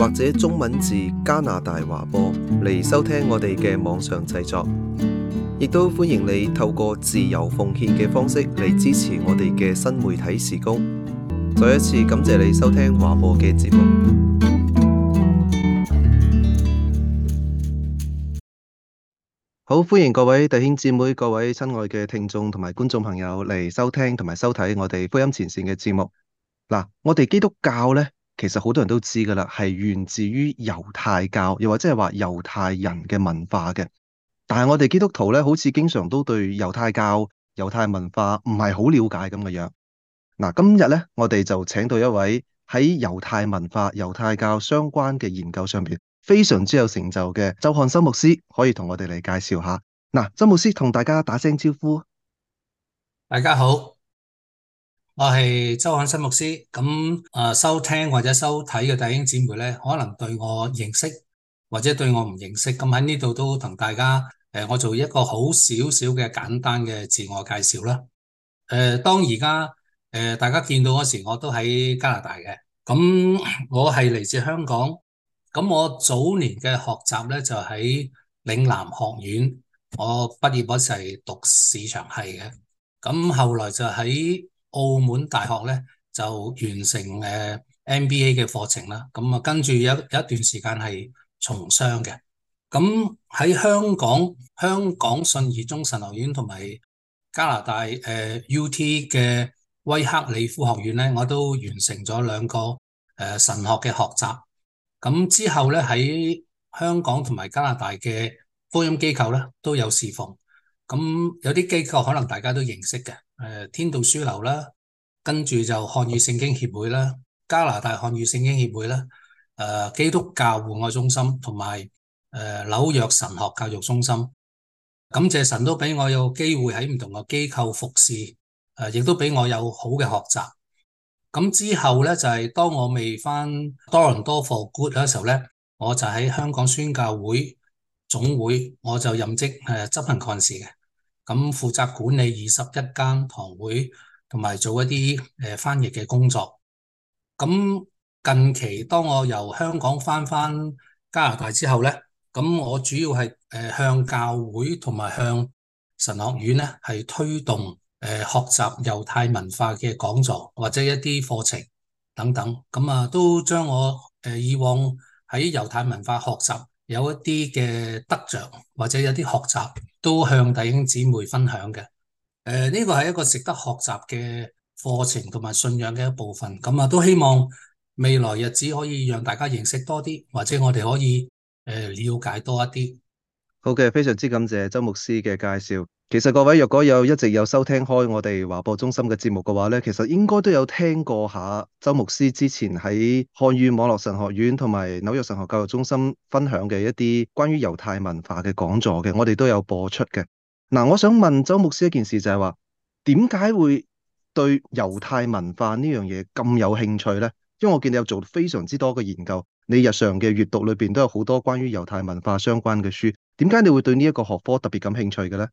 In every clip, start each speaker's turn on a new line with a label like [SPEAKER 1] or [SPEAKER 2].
[SPEAKER 1] 或者中文字加拿大華播嚟收聽我哋嘅網上製作，亦都歡迎你透過自由奉獻嘅方式嚟支持我哋嘅新媒體事工。再一次感謝你收聽華播嘅節目。好，歡迎各位弟兄姊妹、各位親愛嘅聽眾同埋觀眾朋友嚟收聽同埋收睇我哋福音前線嘅節目。嗱，我哋基督教呢，其實好多人都知噶啦，係源自於猶太教，又或者係話猶太人嘅文化嘅。但係我哋基督徒咧，好似經常都對猶太教、猶太文化唔係好了解咁嘅樣。嗱，今日咧，我哋就請到一位喺猶太文化、猶太教相關嘅研究上邊非常之有成就嘅周漢燊牧師，可以同我哋嚟介紹下。嗱，周牧師同大家打聲招呼，
[SPEAKER 2] 大家好。我係周漢燊牧師。咁、嗯、誒收聽或者收睇嘅弟兄姊妹咧，可能對我認識或者對我唔認識。咁喺呢度都同大家誒、呃，我做一個好少少嘅簡單嘅自我介紹啦。誒、呃，當而家誒大家見到嗰時，我都喺加拿大嘅。咁我係嚟自香港。咁我早年嘅學習咧就喺嶺南學院。我畢業嗰時係讀市場系嘅。咁後來就喺～澳門大學咧就完成誒 MBA 嘅課程啦，咁啊跟住有有一段時間係從商嘅，咁喺香港香港信義宗神學院同埋加拿大誒 UT 嘅威克里夫學院咧，我都完成咗兩個誒神學嘅學習，咁之後咧喺香港同埋加拿大嘅福音機構咧都有侍奉，咁有啲機構可能大家都認識嘅。誒，天道書樓啦，跟住就漢語聖經協會啦，加拿大漢語聖經協會啦，誒、呃，基督教互愛中心，同埋誒紐約神學教育中心。感謝神都俾我有機會喺唔同嘅機構服侍，誒、呃，亦都俾我有好嘅學習。咁、嗯、之後咧，就係、是、當我未返多倫多 for good 嘅時候咧，我就喺香港宣教會總會，我就任職誒執行幹事嘅。咁負責管理二十一間堂會，同埋做一啲誒翻譯嘅工作。咁近期當我由香港翻翻加拿大之後呢，咁我主要係誒向教會同埋向神學院咧係推動誒學習猶太文化嘅講座或者一啲課程等等。咁啊，都將我誒以往喺猶太文化學習有一啲嘅得着或者有啲學習。都向弟兄姊妹分享嘅，誒、呃、呢、這個係一個值得學習嘅課程同埋信仰嘅一部分，咁、嗯、啊都希望未來日子可以讓大家認識多啲，或者我哋可以誒、呃、了解多一啲。
[SPEAKER 1] 好嘅，okay, 非常之感謝周牧師嘅介紹。其實各位如果有一直有收聽開我哋華播中心嘅節目嘅話呢，其實應該都有聽過下周牧師之前喺漢語網絡神學院同埋紐約神學教育中心分享嘅一啲關於猶太文化嘅講座嘅，我哋都有播出嘅。嗱，我想問周牧師一件事就是說，就係話點解會對猶太文化呢樣嘢咁有興趣呢？因為我見你有做非常之多嘅研究，你日常嘅閱讀裏面都有好多關於猶太文化相關嘅書。點解你會對呢一個學科特別感興趣嘅咧？
[SPEAKER 2] 誒、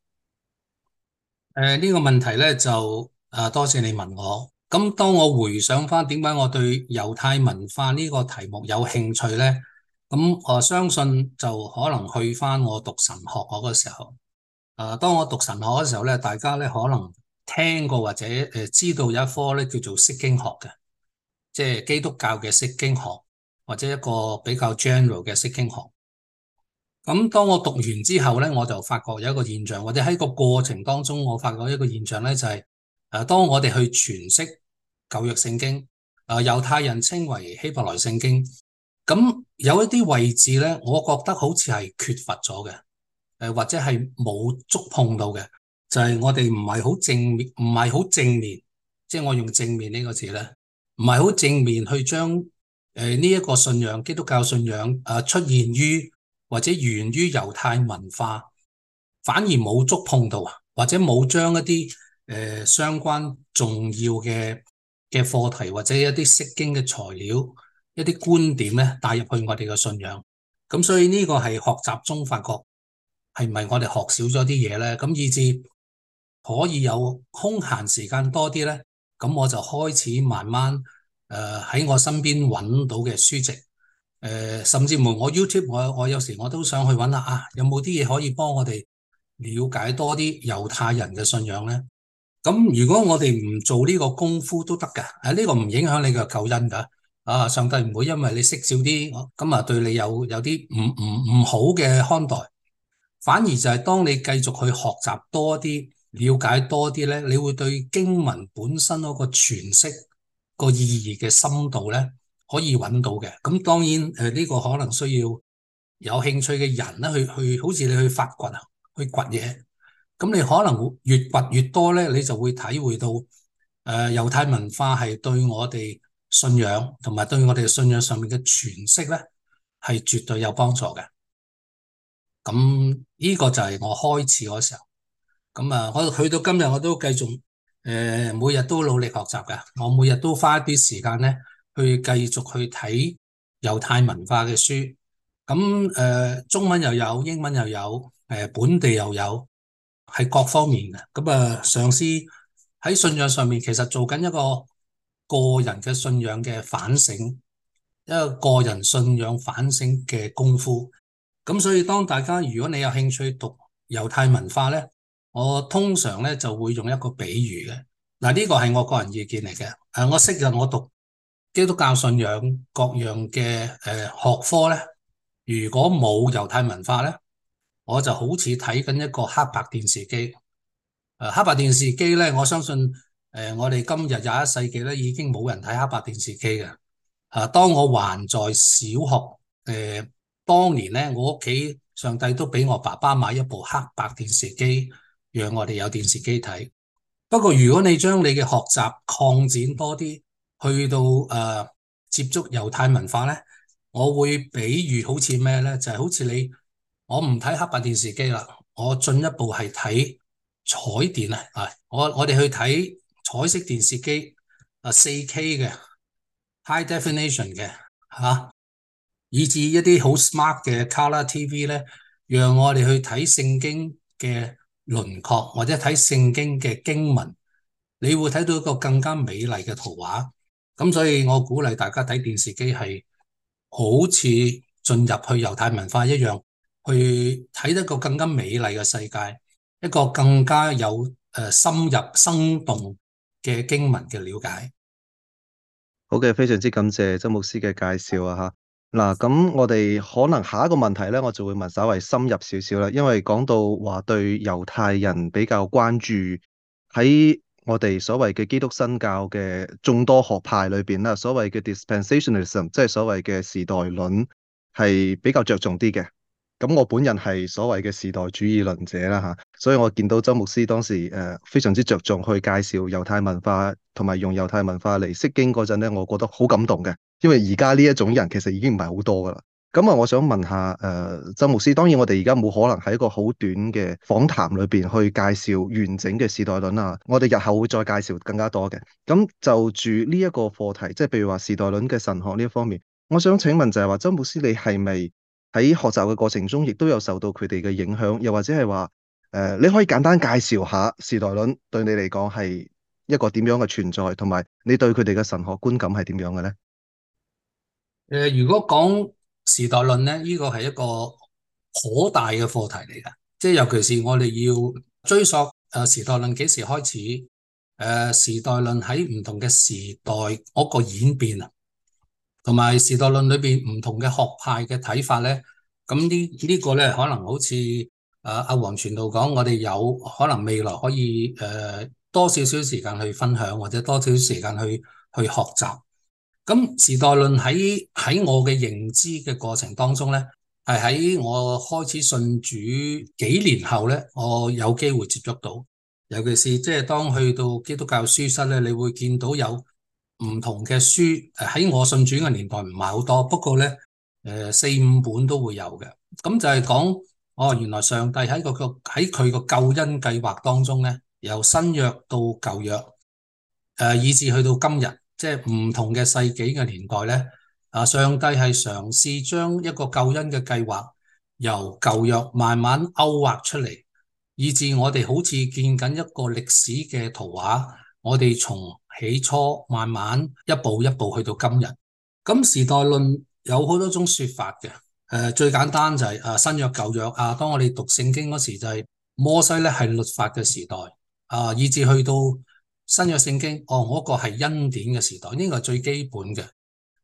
[SPEAKER 2] 呃，呢、這個問題咧就誒、呃，多謝你問我。咁當我回想返，點解我對猶太文化呢個題目有興趣咧？咁我、呃、相信就可能去返我讀神學嗰個時候。啊、呃，當我讀神學嗰時候咧，大家咧可能聽過或者誒知道有一科咧叫做釋經學嘅，即、就、係、是、基督教嘅釋經學，或者一個比較 general 嘅釋經學。咁當我讀完之後咧，我就發覺有一個現象，或者喺個過程當中，我發覺一個現象咧，就係誒，當我哋去詮釋舊約聖經，誒猶太人稱為希伯來聖經，咁有一啲位置咧，我覺得好似係缺乏咗嘅，誒或者係冇觸碰到嘅，就係我哋唔係好正面，唔係好正面，即係我用正面呢個字咧，唔係好正面去將誒呢一個信仰基督教信仰誒出現於。或者源於猶太文化，反而冇觸碰到啊，或者冇將一啲誒、呃、相關重要嘅嘅課題，或者一啲釋經嘅材料、一啲觀點咧，帶入去我哋嘅信仰。咁所以呢個係學習中發覺，係咪我哋學少咗啲嘢咧？咁以致可以有空閒時間多啲咧，咁我就開始慢慢誒喺、呃、我身邊揾到嘅書籍。誒、呃，甚至乎我 YouTube，我我有時我都想去揾下，啊！有冇啲嘢可以幫我哋了解多啲猶太人嘅信仰呢？咁如果我哋唔做呢個功夫都得噶，誒、啊、呢、呢個唔影響你嘅救恩噶。啊，上帝唔會因為你識少啲，咁啊對你有有啲唔唔唔好嘅看待。反而就係當你繼續去學習多啲，了解多啲呢，你會對經文本身嗰個詮釋、那個意義嘅深度呢。可以揾到嘅，咁當然誒呢、呃這個可能需要有興趣嘅人咧去去，好似你去發掘、去掘嘢，咁你可能越掘越多咧，你就會體會到誒猶、呃、太文化係對我哋信仰同埋對我哋信仰上面嘅詮釋咧，係絕對有幫助嘅。咁呢、這個就係我開始嗰時候，咁啊，我去到今日我都繼續誒、呃、每日都努力學習嘅，我每日都花一啲時間咧。去繼續去睇猶太文化嘅書，咁誒、呃、中文又有，英文又有，誒、呃、本地又有，係各方面嘅。咁啊、呃，上司喺信仰上面其實做緊一個個人嘅信仰嘅反省，一個個人信仰反省嘅功夫。咁所以當大家如果你有興趣讀猶太文化咧，我通常咧就會用一個比喻嘅。嗱，呢、這個係我個人意見嚟嘅。誒，我識嘅我讀。基督教信仰各樣嘅誒學科咧，如果冇猶太文化咧，我就好似睇緊一個黑白電視機。誒，黑白電視機咧，我相信誒，我哋今日廿一世紀咧已經冇人睇黑白電視機嘅。啊，當我還在小學誒，當年咧，我屋企上帝都俾我爸爸買一部黑白電視機，讓我哋有電視機睇。不過，如果你將你嘅學習擴展多啲，去到誒、呃、接觸猶太文化咧，我會比喻好似咩咧？就係、是、好似你我唔睇黑白電視機啦，我進一步係睇彩電啊！吓，我我哋去睇彩色電視機啊，四 K 嘅 High Definition 嘅吓，以至一啲好 smart 嘅 color TV 咧，讓我哋去睇聖經嘅輪廓或者睇聖經嘅經文，你會睇到一個更加美麗嘅圖畫。咁所以，我鼓勵大家睇電視機，係好似進入去猶太文化一樣，去睇一個更加美麗嘅世界，一個更加有誒深入生動嘅經文嘅了解。
[SPEAKER 1] 好嘅，非常之感謝周牧師嘅介紹啊！吓，嗱，咁我哋可能下一個問題咧，我就會問稍微深入少少啦，因為講到話對猶太人比較關注喺。我哋所謂嘅基督新教嘅眾多學派裏邊啦，所謂嘅 dispensationalism，即係所謂嘅時代論，係比較着重啲嘅。咁我本人係所謂嘅時代主義論者啦，嚇。所以我見到周牧師當時誒非常之着重去介紹猶太文化，同埋用猶太文化嚟釋經嗰陣呢，我覺得好感動嘅，因為而家呢一種人其實已經唔係好多㗎喇。咁啊、嗯，我想問下誒、呃，周牧師，當然我哋而家冇可能喺一個好短嘅訪談裏邊去介紹完整嘅時代論啊，我哋日後會再介紹更加多嘅。咁、嗯、就住呢一個課題，即係譬如話時代論嘅神學呢一方面，我想請問就係話周牧師，你係咪喺學習嘅過程中，亦都有受到佢哋嘅影響，又或者係話，誒、呃，你可以簡單介紹下時代論對你嚟講，係一個點樣嘅存在，同埋你對佢哋嘅神學觀感係點樣嘅咧？
[SPEAKER 2] 誒、呃，如果講。時代論咧，呢個係一個可大嘅課題嚟嘅，即係尤其是我哋要追溯誒時代論幾時開始，誒時代論喺唔同嘅時代嗰個演變啊，同埋時代論裏邊唔同嘅學派嘅睇法咧，咁呢呢個咧可能好似阿阿黃傳道講，我哋有可能未來可以誒多少少時間去分享，或者多少少時間去去學習。咁時代論喺喺我嘅認知嘅過程當中呢，係喺我開始信主幾年後呢，我有機會接觸到，尤其是即係當去到基督教書室呢，你會見到有唔同嘅書。喺我信主嘅年代唔係好多，不過呢，誒四五本都會有嘅。咁就係講哦，原來上帝喺個喺佢個救恩計劃當中呢，由新約到舊約，誒以至去到今日。即係唔同嘅世紀嘅年代咧，啊上帝係嘗試將一個救恩嘅計劃由舊約慢慢勾畫出嚟，以至我哋好似見緊一個歷史嘅圖畫。我哋從起初慢慢一步一步去到今日。咁時代論有好多種説法嘅，誒最簡單就係啊新約舊約啊。當我哋讀聖經嗰時就係、是、摩西咧係律法嘅時代啊，以至去到。新約聖經，哦，嗰、那個係恩典嘅時代，呢個係最基本嘅。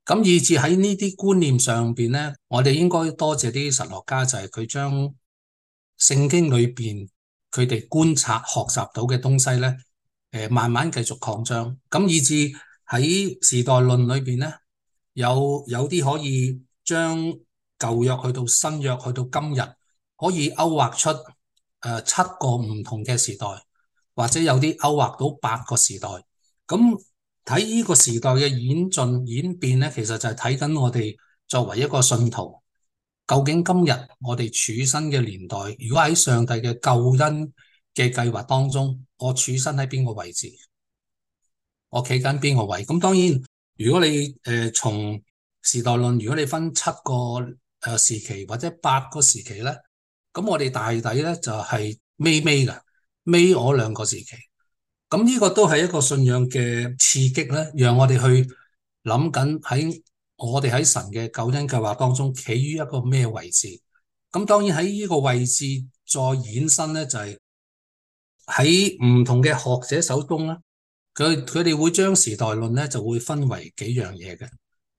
[SPEAKER 2] 咁以至喺呢啲觀念上邊呢，我哋應該多謝啲神學家，就係佢將聖經裏邊佢哋觀察學習到嘅東西呢，誒，慢慢繼續擴張。咁以至喺時代論裏邊呢，有有啲可以將舊約去到新約去到今日，可以勾畫出誒七個唔同嘅時代。或者有啲勾畫到八個時代，咁睇呢個時代嘅演進演變咧，其實就係睇緊我哋作為一個信徒，究竟今日我哋處身嘅年代，如果喺上帝嘅救恩嘅計劃當中，我處身喺邊個位置？我企緊邊個位？咁當然，如果你誒從時代論，如果你分七個誒時期或者八個時期咧，咁我哋大抵咧就係尾尾噶。尾我兩個時期，咁、這、呢個都係一個信仰嘅刺激咧，讓我哋去諗緊喺我哋喺神嘅救恩計劃當中，企於一個咩位置？咁當然喺呢個位置再衍生咧，就係喺唔同嘅學者手中咧，佢佢哋會將時代論咧就會分為幾樣嘢嘅。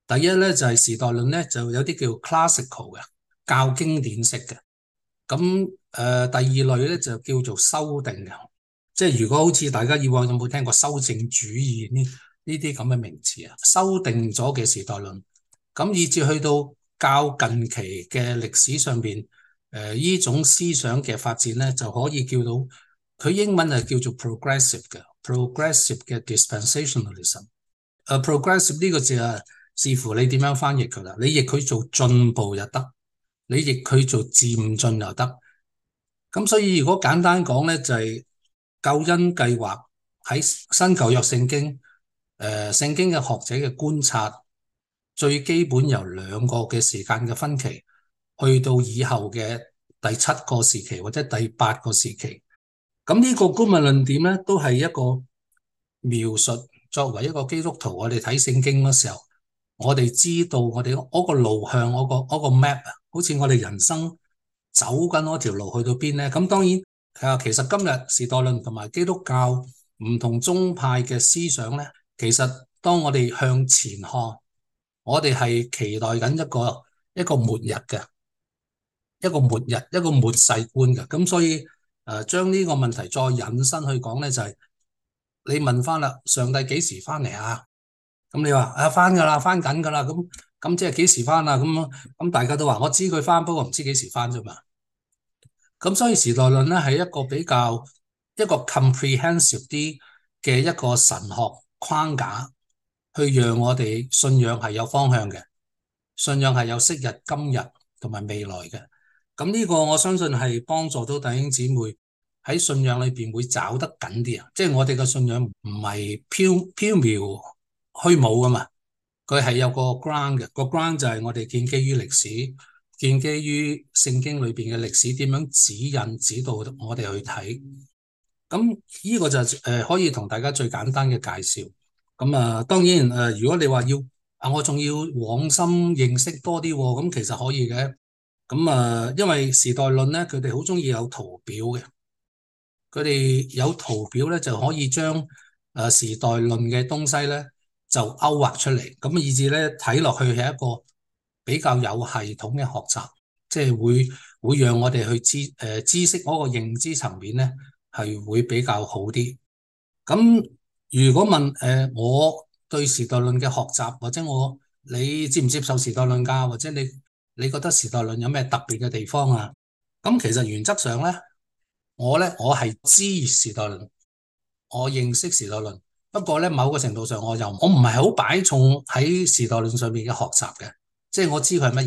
[SPEAKER 2] 第一咧就係時代論咧就有啲叫 classical 嘅，較經典式嘅。咁誒第二類咧就叫做修訂嘅，即係如果好似大家以往有冇聽過修正主義呢呢啲咁嘅名詞啊？修訂咗嘅時代論，咁以至去到較近期嘅歷史上邊，誒呢種思想嘅發展咧就可以叫到佢英文係叫做 progressive 嘅，progressive 嘅 dispensationalism。誒 progressive 呢個字啊，視乎你點樣翻譯佢啦，你譯佢做進步又得。你亦去做漸進又得，咁所以如果簡單講呢，就係救恩計劃喺新舊約聖經，誒、呃，聖經嘅學者嘅觀察，最基本由兩個嘅時間嘅分期，去到以後嘅第七個時期或者第八個時期，咁呢個公文論點呢，都係一個描述，作為一個基督徒，我哋睇聖經嗰時候，我哋知道我哋嗰個路向，嗰、嗰個、嗰個 map 好似我哋人生走緊嗰條路去到邊呢？咁當然係啊。其實今日時代論同埋基督教唔同宗派嘅思想呢，其實當我哋向前看，我哋係期待緊一個一個末日嘅，一個末日，一個末世觀嘅。咁所以誒，將、呃、呢個問題再引申去講呢，就係、是、你問翻啦，上帝幾時翻嚟啊？咁你話啊，翻噶啦，翻緊噶啦，咁。咁即係幾時翻啊？咁咁大家都話我知佢翻，不過唔知幾時翻啫嘛。咁所以時代論咧係一個比較一個 comprehensive 啲嘅一個神學框架，去讓我哋信仰係有方向嘅，信仰係有昔日、今日同埋未來嘅。咁呢個我相信係幫助到弟兄姊妹喺信仰裏邊會找得緊啲啊！即係我哋嘅信仰唔係飄飄渺虛無噶嘛。佢係有個 ground 嘅，個 ground 就係我哋建基於歷史，建基於聖經裏邊嘅歷史點樣指引指導我哋去睇。咁呢個就誒、是呃、可以同大家最簡單嘅介紹。咁啊、呃，當然誒、呃，如果你話要啊，我仲要往深認識多啲，咁其實可以嘅。咁啊、呃，因為時代論咧，佢哋好中意有圖表嘅，佢哋有圖表咧就可以將誒、呃、時代論嘅東西咧。就勾畫出嚟，咁以至咧睇落去係一個比較有系統嘅學習，即係會會讓我哋去知誒、呃、知識嗰個認知層面咧係會比較好啲。咁如果問誒、呃、我對時代論嘅學習，或者我你接唔接受時代論㗎、啊，或者你你覺得時代論有咩特別嘅地方啊？咁其實原則上咧，我咧我係知時代論，我認識時代論。不過咧，某個程度上我，我又我唔係好擺重喺時代論上面嘅學習嘅，即係我知佢係乜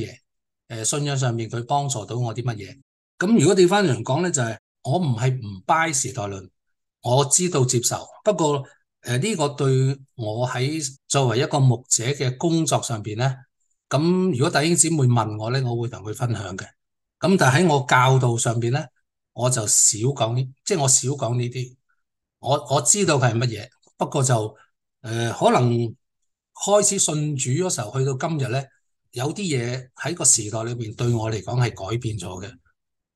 [SPEAKER 2] 嘢。誒，信仰上面佢幫助到我啲乜嘢？咁如果調翻轉講咧，就係、是、我唔係唔 buy 時代論，我知道接受。不過誒，呢個對我喺作為一個牧者嘅工作上邊咧，咁如果弟兄姊妹問我咧，我會同佢分享嘅。咁但喺我教導上邊咧，我就少講，即係我少講呢啲。我我知道佢係乜嘢。不過就誒、呃，可能開始信主嗰時候，去到今日咧，有啲嘢喺個時代裏邊對我嚟講係改變咗嘅。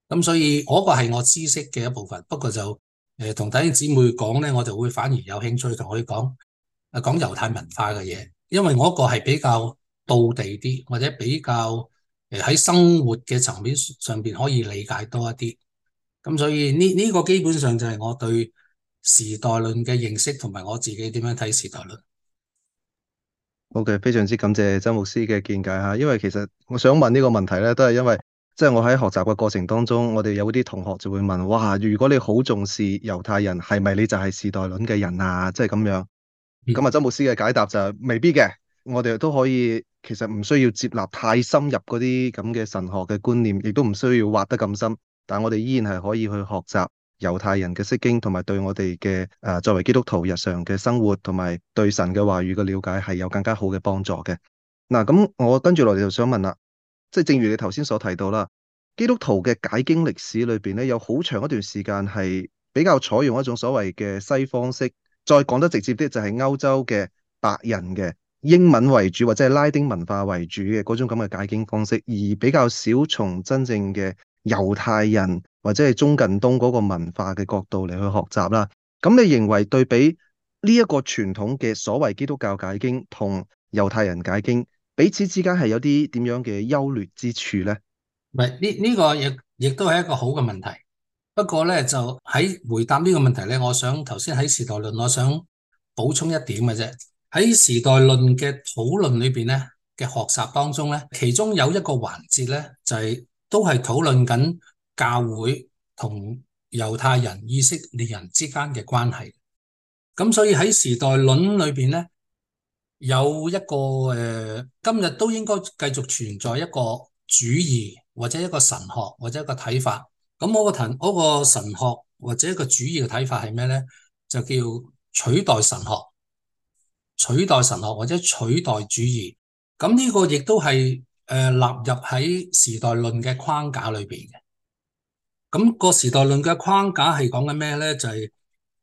[SPEAKER 2] 咁所以嗰、嗰個係我知識嘅一部分。不過就誒，同弟兄姊妹講咧，我就會反而有興趣同佢講誒講猶太文化嘅嘢，因為我一個係比較道地啲，或者比較誒喺生活嘅層面上邊可以理解多一啲。咁所以呢呢、呢個基本上就係我對時代論嘅認識同埋我自己點樣睇時
[SPEAKER 1] 代論？OK，非常之感謝周牧師嘅見解吓。因為其實我想問呢個問題咧，都係因為即係、就是、我喺學習嘅過程當中，我哋有啲同學就會問：，哇，如果你好重視猶太人，係咪你就係時代論嘅人啊？即係咁樣。咁啊，周牧師嘅解答就係、未必嘅。我哋都可以，其實唔需要接納太深入嗰啲咁嘅神學嘅觀念，亦都唔需要挖得咁深。但我哋依然係可以去學習。猶太人嘅釋經同埋對我哋嘅，誒，作為基督徒日常嘅生活同埋對神嘅話語嘅了解係有更加好嘅幫助嘅。嗱，咁我跟住落嚟就想問啦，即係正如你頭先所提到啦，基督徒嘅解經歷史裏邊咧，有好長一段時間係比較採用一種所謂嘅西方式，再講得直接啲就係歐洲嘅白人嘅英文為主或者係拉丁文化為主嘅嗰種咁嘅解經方式，而比較少從真正嘅。猶太人或者係中近東嗰個文化嘅角度嚟去學習啦，咁你認為對比呢一個傳統嘅所謂基督教解經同猶太人解經，彼此之間係有啲點樣嘅優劣之處呢？
[SPEAKER 2] 呢、呢個亦，亦都係一個好嘅問題。不過呢，就喺回答呢個問題呢，我想頭先喺時代論，我想補充一點嘅啫。喺時代論嘅討論裏邊呢，嘅學習當中呢，其中有一個環節呢，就係、是。都係討論緊教會同猶太人以色列人之間嘅關係，咁所以喺時代論裏邊呢，有一個誒、呃，今日都應該繼續存在一個主義或者一個神學或者一個睇法。咁我個神嗰個神學或者一個主義嘅睇法係咩呢？就叫取代神學、取代神學或者取代主義。咁呢個亦都係。誒納、呃、入喺時代論嘅框架裏邊嘅，咁、那個時代論嘅框架係講緊咩呢？就係、是、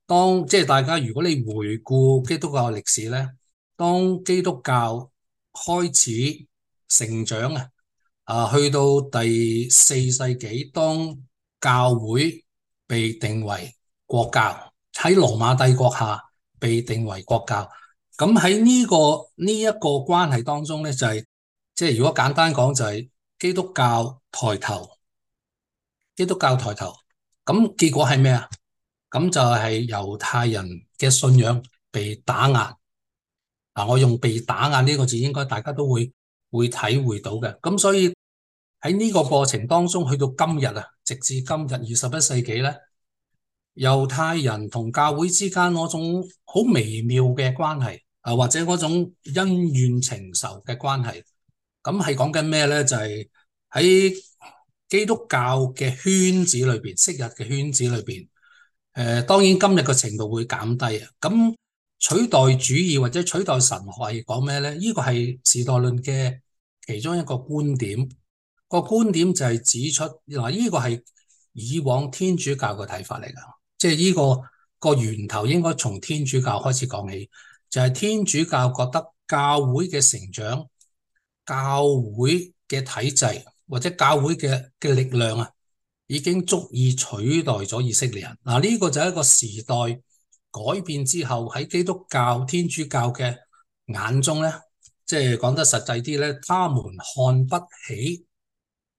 [SPEAKER 2] 當即係大家，如果你回顧基督教歷史呢，當基督教開始成長啊，啊去到第四世紀，當教會被定為國教喺羅馬帝國下被定為國教，咁喺呢個呢一、這個關係當中呢，就係、是。即係如果簡單講就係基督教抬頭，基督教抬頭咁結果係咩啊？咁就係猶太人嘅信仰被打壓。嗱，啊，我用被打壓呢個字，應該大家都會會體會到嘅。咁所以喺呢個過程當中，去到今日啊，直至今日二十一世紀咧，猶太人同教會之間嗰種好微妙嘅關係啊，或者嗰種恩怨情仇嘅關係。咁係講緊咩咧？就係喺基督教嘅圈子裏邊，昔日嘅圈子裏邊，誒，當然今日嘅程度會減低。咁取代主義或者取代神學係講咩咧？呢個係時代論嘅其中一個觀點。個觀點就係指出，嗱，呢個係以往天主教嘅睇法嚟噶，即係呢個個源頭應該從天主教開始講起。就係、係、天主教覺得教會嘅成長。教會嘅體制或者教會嘅嘅力量啊，已經足以取代咗以色列人嗱。呢個就係一個時代改變之後喺基督教、天主教嘅眼中咧，即係講得實際啲咧，他們看不起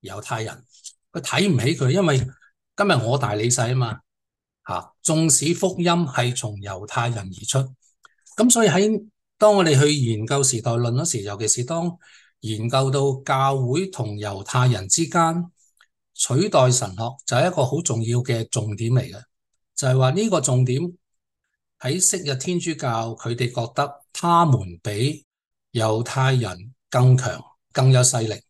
[SPEAKER 2] 猶太人，佢睇唔起佢，因為今日我大你細啊嘛嚇。縱使福音係從猶太人而出，咁所以喺當我哋去研究時代論嗰時，尤其是當研究到教會同猶太人之間，取代神學就係一個好重要嘅重點嚟嘅，就係話呢個重點喺昔日天主教，佢哋覺得他們比猶太人更強、更有勢力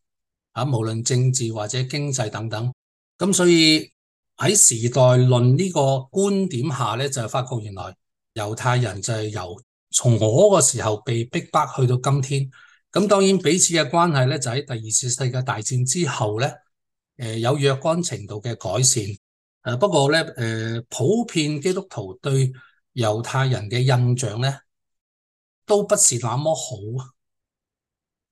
[SPEAKER 2] 啊，無論政治或者經濟等等。咁所以喺時代論呢個觀點下咧，就發覺原來猶太人就係由從我個時候被逼迫去到今天。咁當然彼此嘅關係咧，就喺第二次世界大戰之後咧，誒有若干程度嘅改善。誒不過咧，誒普遍基督徒對猶太人嘅印象咧，都不是那麼好，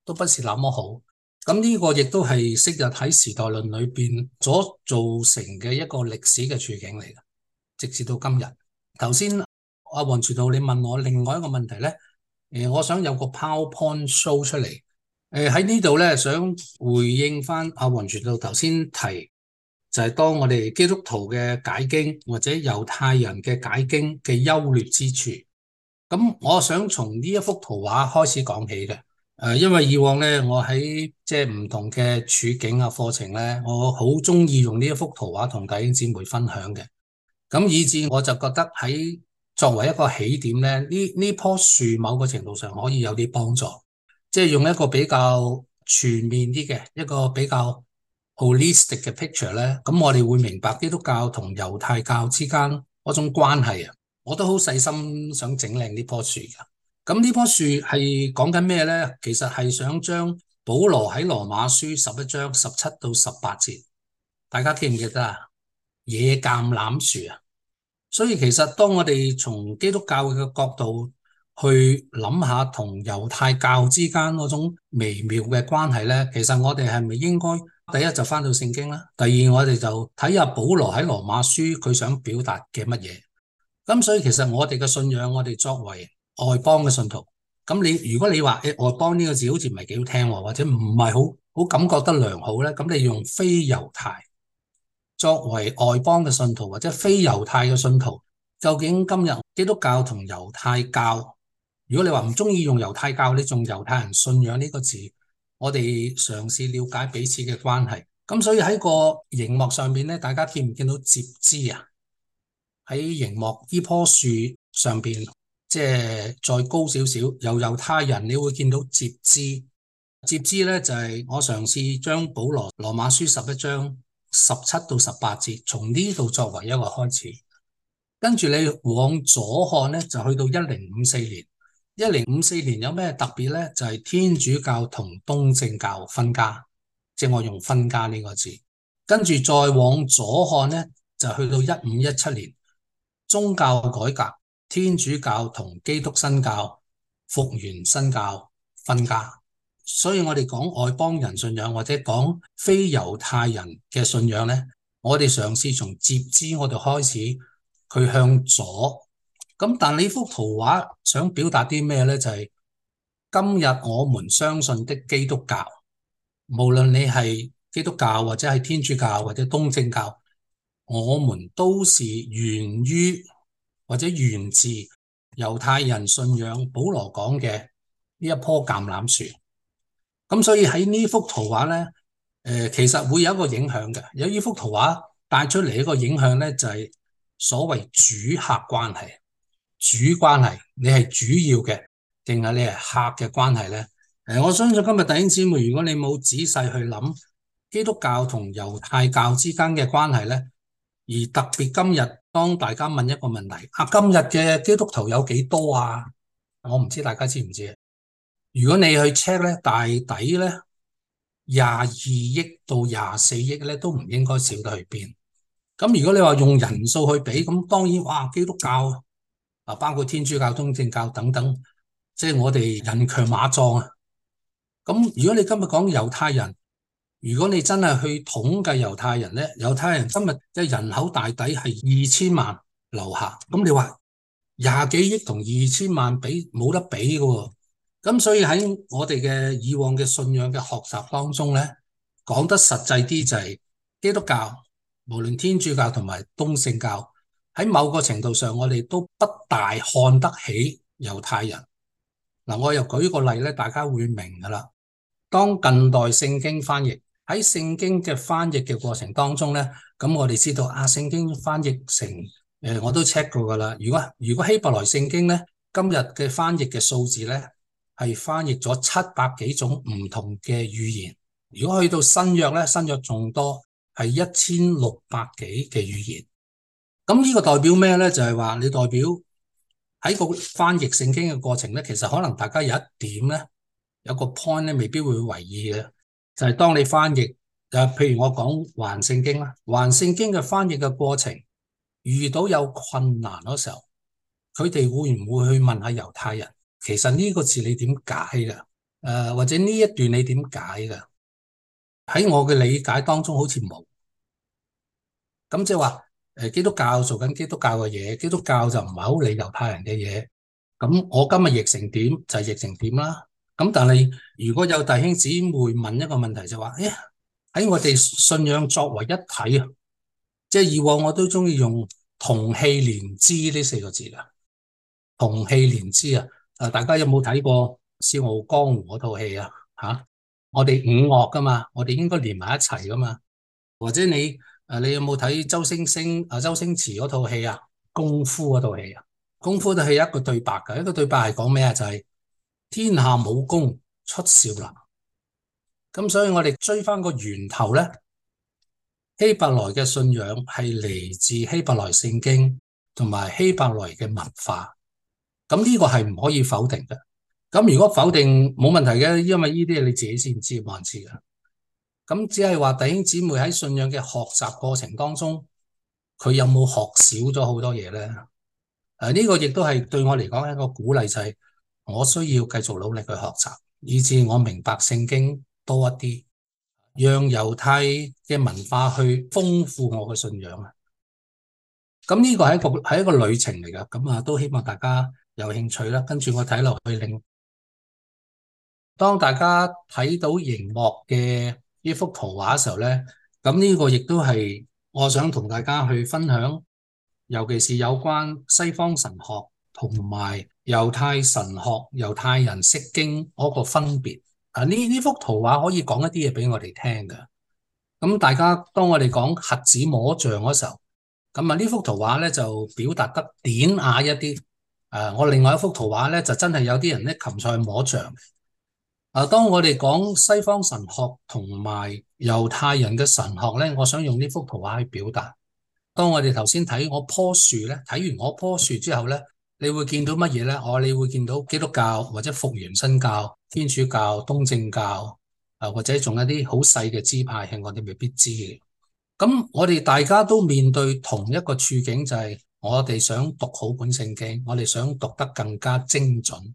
[SPEAKER 2] 都不是那麼好。咁呢個亦都係昔日喺時代論裏邊所造成嘅一個歷史嘅處境嚟嘅，直至到今日。頭先阿黃傳道，你問我另外一個問題咧。誒、呃，我想有個 PowerPoint show 出嚟。誒、呃，喺呢度咧，想回應翻阿黃傳道頭先提，就係、是、當我哋基督徒嘅解經或者猶太人嘅解經嘅優劣之處。咁、嗯，我想從呢一幅圖畫開始講起嘅。誒、呃，因為以往咧，我喺即係唔同嘅處境啊，課程咧，我好中意用呢一幅圖畫同弟兄姐妹分享嘅。咁、嗯、以至我就覺得喺作為一個起點咧，呢呢棵樹某個程度上可以有啲幫助，即係用一個比較全面啲嘅一個比較 holistic 嘅 picture 咧。咁我哋會明白基督教同猶太教之間嗰種關係啊。我都好細心想整靚呢棵樹㗎。咁呢棵樹係講緊咩咧？其實係想將保羅喺羅馬書十一章十七到十八節，大家記唔記得啊？野橄欖樹啊！所以其實當我哋從基督教嘅角度去諗下同猶太教之間嗰種微妙嘅關係呢，其實我哋係咪應該第一就翻到聖經啦？第二我哋就睇下保羅喺羅馬書佢想表達嘅乜嘢？咁所以其實我哋嘅信仰，我哋作為外邦嘅信徒，咁你如果你話誒、哎、外邦呢個字好似唔係幾好聽，或者唔係好好感覺得良好呢，咁你用非猶太。作為外邦嘅信徒或者非猶太嘅信徒，究竟今日基督教同猶太教，如果你話唔中意用猶太教呢種猶太人信仰呢個字，我哋嘗試了解彼此嘅關係。咁所以喺個熒幕上面呢，大家見唔見到接枝啊？喺熒幕呢棵樹上面，即係再高少少，由猶太人，你會見到接枝。接枝呢，就係我嘗試將保羅羅馬書十一章，十七到十八節，從呢度作為一個開始，跟住你往左看呢，就去到一零五四年。一零五四年有咩特別呢？就係、是、天主教同東正教分家，即、就是、我用分家呢個字。跟住再往左看呢，就去到一五一七年宗教改革，天主教同基督新教復原新教分家。所以我哋講外邦人信仰或者講非猶太人嘅信仰呢，我哋嘗試從接枝我哋開始，佢向左。咁但呢幅圖畫想表達啲咩呢？就係、是、今日我們相信的基督教，無論你係基督教或者係天主教或者東正教，我們都是源於或者源自猶太人信仰。保羅講嘅呢一棵橄欖樹。咁所以喺呢幅圖畫咧，誒、呃，其實會有一個影響嘅。有呢幅圖畫帶出嚟一個影響咧，就係、是、所謂主客關係，主關係，你係主要嘅，定係你係客嘅關係咧？誒、呃，我相信今日弟兄姊妹，如果你冇仔細去諗基督教同猶太教之間嘅關係咧，而特別今日當大家問一個問題，啊，今日嘅基督徒有幾多啊？我唔知大家知唔知？如果你去 check 咧，大底咧廿二億到廿四億咧，都唔應該少得去邊。咁如果你話用人數去比，咁當然哇，基督教啊，包括天主教、東正教等等，即係我哋人強馬壯啊。咁如果你今日講猶太人，如果你真係去統計猶太人咧，猶太人今日嘅人口大底係二千萬樓下。咁你話廿幾億同二千萬比，冇得比噶。咁所以喺我哋嘅以往嘅信仰嘅學習當中呢，講得實際啲就係基督教，無論天主教同埋東正教，喺某個程度上我哋都不大看得起猶太人。嗱、啊，我又舉個例呢，大家會明噶啦。當近代聖經翻譯喺聖經嘅翻譯嘅過程當中呢，咁我哋知道啊，聖經翻譯成誒，我都 check 過噶啦。如果如果希伯來聖經呢，今日嘅翻譯嘅數字呢。係翻譯咗七百幾種唔同嘅語言。如果去到新約呢，新約仲多，係一千六百幾嘅語言。咁呢個代表咩呢？就係話你代表喺個翻譯聖經嘅過程呢，其實可能大家有一點呢，有個 point 咧，未必會為意嘅，就係當你翻譯誒，譬如我講還聖經啦，還聖經嘅翻譯嘅過程，遇到有困難嗰時候，佢哋會唔會去問下猶太人？其實呢個字你點解噶？誒、呃，或者呢一段你點解噶？喺我嘅理解當中好似冇。咁即係話誒，基督教做緊基督教嘅嘢，基督教就唔係好理猶太人嘅嘢。咁我今日譯成點就係譯成點啦。咁但係如果有弟兄姊妹問一個問題就話：誒、哎，喺我哋信仰作為一體啊，即係以往我都中意用同氣連枝呢四個字啦。同氣連枝啊！誒，大家有冇睇過《笑傲江湖》嗰套戲啊？吓，我哋五嶽噶嘛，我哋應該連埋一齊噶嘛。或者你誒，你有冇睇周星星誒周星馳嗰套戲啊？功夫嗰套戲啊，功夫嘅戲係一個對白噶，一個對白係講咩啊？就係、是、天下武功出少林。咁所以我哋追翻個源頭咧，希伯來嘅信仰係嚟自希伯來聖經同埋希伯來嘅文化。咁呢個係唔可以否定嘅。咁如果否定冇問題嘅，因為呢啲嘢你自己先知，知，望知嘅。咁只係話弟兄姊妹喺信仰嘅學習過程當中，佢有冇學少咗好多嘢呢？呢、呢個亦都係對我嚟講一個鼓勵，就係我需要繼續努力去學習，以至我明白聖經多一啲，讓猶太嘅文化去豐富我嘅信仰啊。咁、呢、呢個係一個係一個旅程嚟噶。咁啊，都希望大家。有興趣啦，跟住我睇落去。另當大家睇到熒幕嘅呢幅圖畫嘅時候呢，咁呢個亦都係我想同大家去分享，尤其是有關西方神學同埋猶太神學、猶太人釋經嗰個分別啊。呢呢幅圖畫可以講一啲嘢俾我哋聽嘅。咁大家當我哋講核子魔像嗰時候，咁啊呢幅圖畫呢就表達得典雅一啲。誒，我另外一幅圖畫咧，就真係有啲人咧擒上去摸象。啊，當我哋講西方神學同埋猶太人嘅神學咧，我想用呢幅圖畫去表達。當我哋頭先睇我樖樹咧，睇完我樖樹之後咧，你會見到乜嘢咧？我你會見到基督教或者復原新教、天主教、東正教啊，或者仲有一啲好細嘅支派，係我哋未必知嘅。咁我哋大家都面對同一個處境，就係、是。我哋想讀好本聖經，我哋想讀得更加精準。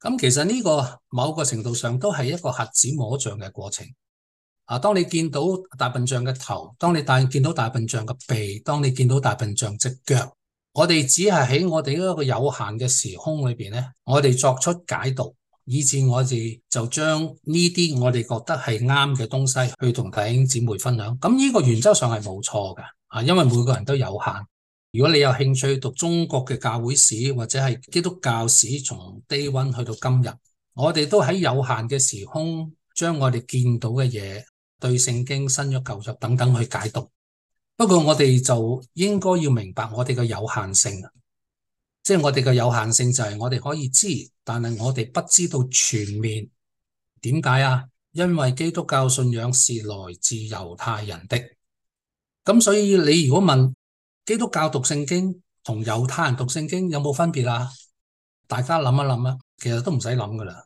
[SPEAKER 2] 咁其實呢個某個程度上都係一個瞎子摸象嘅過程。啊，當你見到大笨象嘅頭，當你但見到大笨象嘅鼻，當你見到大笨象隻腳，我哋只係喺我哋一個有限嘅時空裏邊呢，我哋作出解讀，以至我哋就將呢啲我哋覺得係啱嘅東西去同弟兄姊妹分享。咁呢個原則上係冇錯噶，啊，因為每個人都有限。如果你有興趣讀中國嘅教會史或者係基督教史，從 day one 去到今日，我哋都喺有限嘅時空，將我哋見到嘅嘢對聖經新約舊約等等去解讀。不過我哋就應該要明白我哋嘅有限性，即係我哋嘅有限性就係我哋可以知，但係我哋不知道全面。點解啊？因為基督教信仰是來自猶太人的，咁所以你如果問，基督教讀聖經同猶太人讀聖經有冇分別啊？大家諗一諗啊，其實都唔使諗噶啦。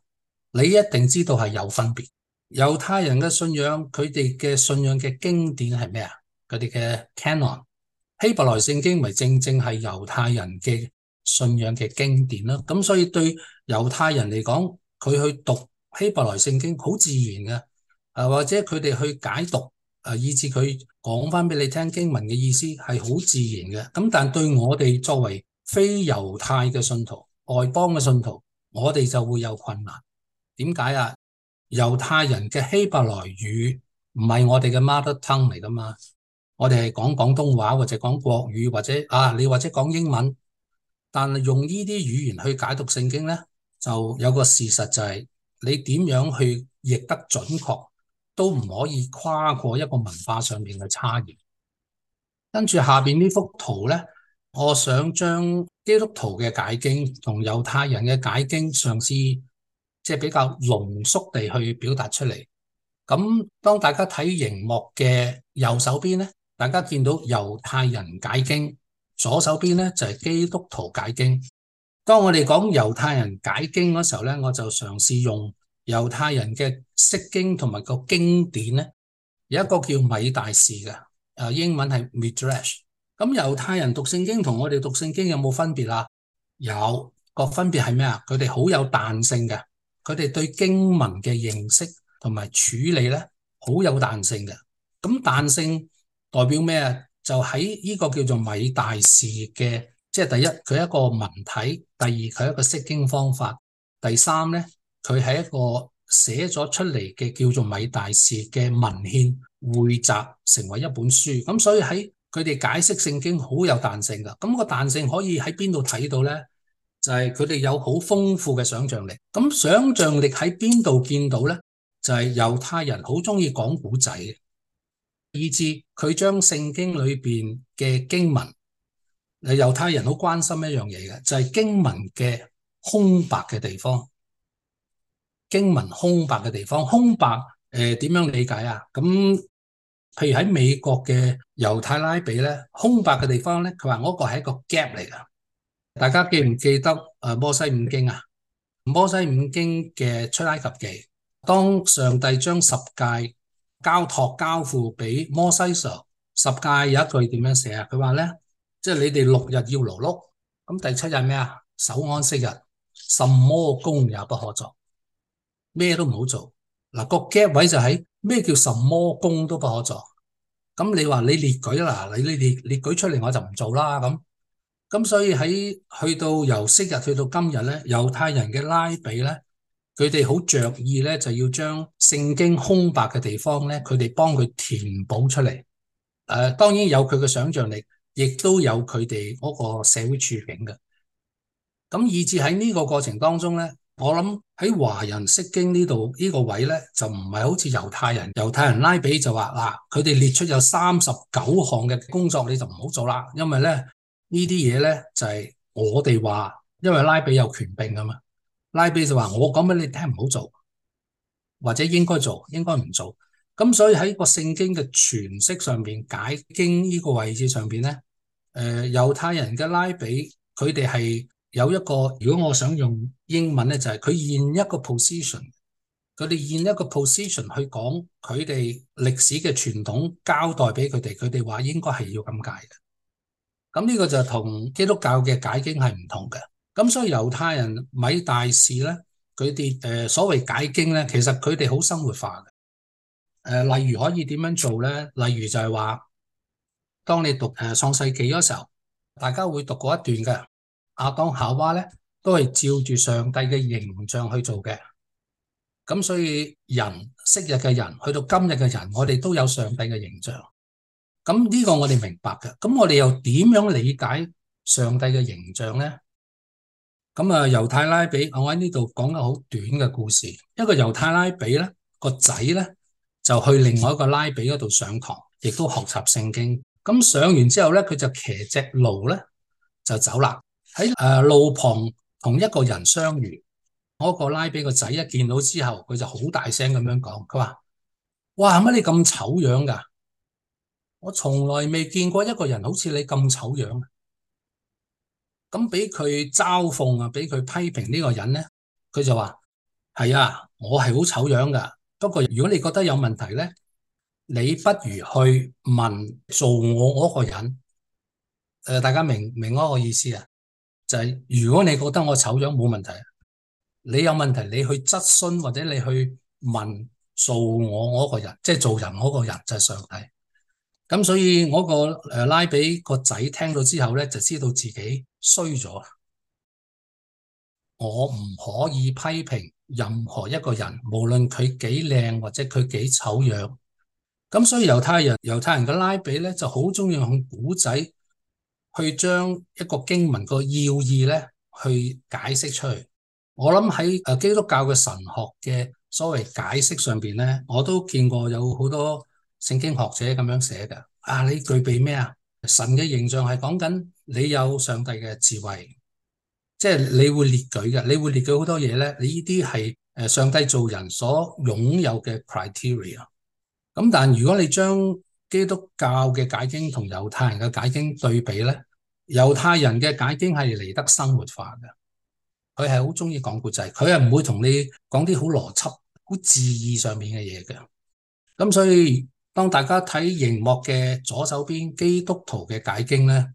[SPEAKER 2] 你一定知道係有分別。猶太人嘅信仰，佢哋嘅信仰嘅經典係咩啊？佢哋嘅 Canon 希伯來聖經，咪正正係猶太人嘅信仰嘅經典咯。咁所以對猶太人嚟講，佢去讀希伯來聖經好自然嘅，誒或者佢哋去解讀。啊！以至佢講翻俾你聽經文嘅意思係好自然嘅，咁但對我哋作為非猶太嘅信徒、外邦嘅信徒，我哋就會有困難。點解啊？猶太人嘅希伯來語唔係我哋嘅 mother tongue 嚟噶嘛？我哋係講廣東話或者講國語或者啊，你或者講英文，但係用呢啲語言去解讀聖經呢，就有個事實就係，你點樣去譯得準確？都唔可以跨過一個文化上面嘅差異。跟住下邊呢幅圖呢，我想將基督徒嘅解經同猶太人嘅解經嘗試即係比較濃縮地去表達出嚟。咁當大家睇熒幕嘅右手邊呢，大家見到猶太人解經，左手邊呢，就係基督徒解經。當我哋講猶太人解經嗰時候呢，我就嘗試用。猶太人嘅釋經同埋個經典咧，有一個叫米大士嘅，啊英文係 Midrash。咁猶太人讀聖經同我哋讀聖經有冇分別啊？有，個分別係咩啊？佢哋好有彈性嘅，佢哋對經文嘅認識同埋處理咧，好有彈性嘅。咁彈性代表咩啊？就喺呢個叫做米大士嘅，即係第一佢係一個文體，第二佢係一個釋經方法，第三咧。佢係一個寫咗出嚟嘅叫做米大士嘅文獻，匯集成為一本書，咁所以喺佢哋解釋聖經好有彈性㗎。咁、那個彈性可以喺邊度睇到呢？就係佢哋有好豐富嘅想像力。咁想像力喺邊度見到呢？就係、是、猶太人好中意講古仔，以至佢將聖經裏邊嘅經文，你猶太人好關心一樣嘢嘅，就係、是、經文嘅空白嘅地方。經文空白嘅地方，空白誒點樣理解啊？咁譬如喺美國嘅猶太拉比咧，空白嘅地方咧，佢話嗰個係一個 gap 嚟噶。大家記唔記得誒摩西五經啊？摩西五經嘅出埃及記，當上帝將十誡交託交付俾摩西上，十誡有一句點樣寫啊？佢話咧，即係你哋六日要勞碌，咁第七日咩啊？守安息日，什麼工也不可作。咩都唔好做，嗱、個 gap 位就喺咩叫什麼工都不可做，咁你話你列舉啦，你你你列舉出嚟我就唔做啦咁，咁所以喺去到由昔日去到，到今日咧，猶太人嘅拉比咧，佢哋好着意咧就要將聖經空白嘅地方咧，佢哋幫佢填補出嚟，誒、呃，當然有佢嘅想象力，亦都有佢哋嗰個社會處境嘅，咁以至喺呢個過程當中咧。我諗喺華人釋經呢度呢個位咧，就唔係好似猶太人，猶太人拉比就話嗱，佢哋列出有三十九項嘅工作，你就唔好做啦，因為咧呢啲嘢咧就係我哋話，因為拉比有權柄啊嘛，拉比就話我講俾你聽唔好做，或者應該做，應該唔做，咁所以喺個聖經嘅詮釋上邊解經呢個位置上邊咧，誒、呃，猶太人嘅拉比佢哋係。有一個，如果我想用英文咧，就係佢現一個 position，佢哋現一個 position 去講佢哋歷史嘅傳統，交代俾佢哋。佢哋話應該係要咁解嘅。咁呢個就同基督教嘅解經係唔同嘅。咁所以猶太人米大斯咧，佢哋誒所謂解經咧，其實佢哋好生活化嘅。誒、呃，例如可以點樣做咧？例如就係話，當你讀誒、呃、創世紀嗰時候，大家會讀過一段嘅。阿當夏娃咧都係照住上帝嘅形象去做嘅，咁所以人昔日嘅人去到今日嘅人，我哋都有上帝嘅形象。咁呢個我哋明白嘅。咁我哋又點樣理解上帝嘅形象咧？咁啊，猶太拉比我喺呢度講得好短嘅故事，一個猶太拉比咧個仔咧就去另外一個拉比嗰度上堂，亦都學習聖經。咁上完之後咧，佢就騎隻驢咧就走啦。喺誒路旁同一個人相遇，嗰、嗰個拉比個仔一見到之後，佢就好大聲咁樣講，佢話：哇，乜你咁醜樣噶？我從來未見過一個人好似你咁醜樣。咁俾佢嘲諷啊，俾佢批評呢個人咧，佢就話：係啊，我係好醜樣噶。不過如果你覺得有問題咧，你不如去問做我嗰個人。誒、呃，大家明明我個意思啊？就係如果你覺得我醜樣冇問題，你有問題，你去質詢或者你去問訴我我個人，即係做人嗰個人就係上帝。咁所以我個誒拉比個仔聽到之後咧，就知道自己衰咗。我唔可以批評任何一個人，無論佢幾靚或者佢幾醜樣。咁所以猶太人，猶太人嘅拉比咧就好中意用古仔，去將一個經文個要義咧去解釋出去。我諗喺誒基督教嘅神學嘅所謂解釋上邊咧，我都見過有好多聖經學者咁樣寫嘅。啊，你具備咩啊？神嘅形象係講緊你有上帝嘅智慧，即係你會列舉嘅，你會列舉好多嘢咧。你呢啲係誒上帝做人所擁有嘅 criteria。咁但如果你將基督教嘅解經同猶太人嘅解經對比咧，猶太人嘅解經係嚟得生活化嘅，佢係好中意講故仔，佢係唔會同你講啲好邏輯、好字義上面嘅嘢嘅。咁所以當大家睇熒幕嘅左手邊基督徒嘅解經咧，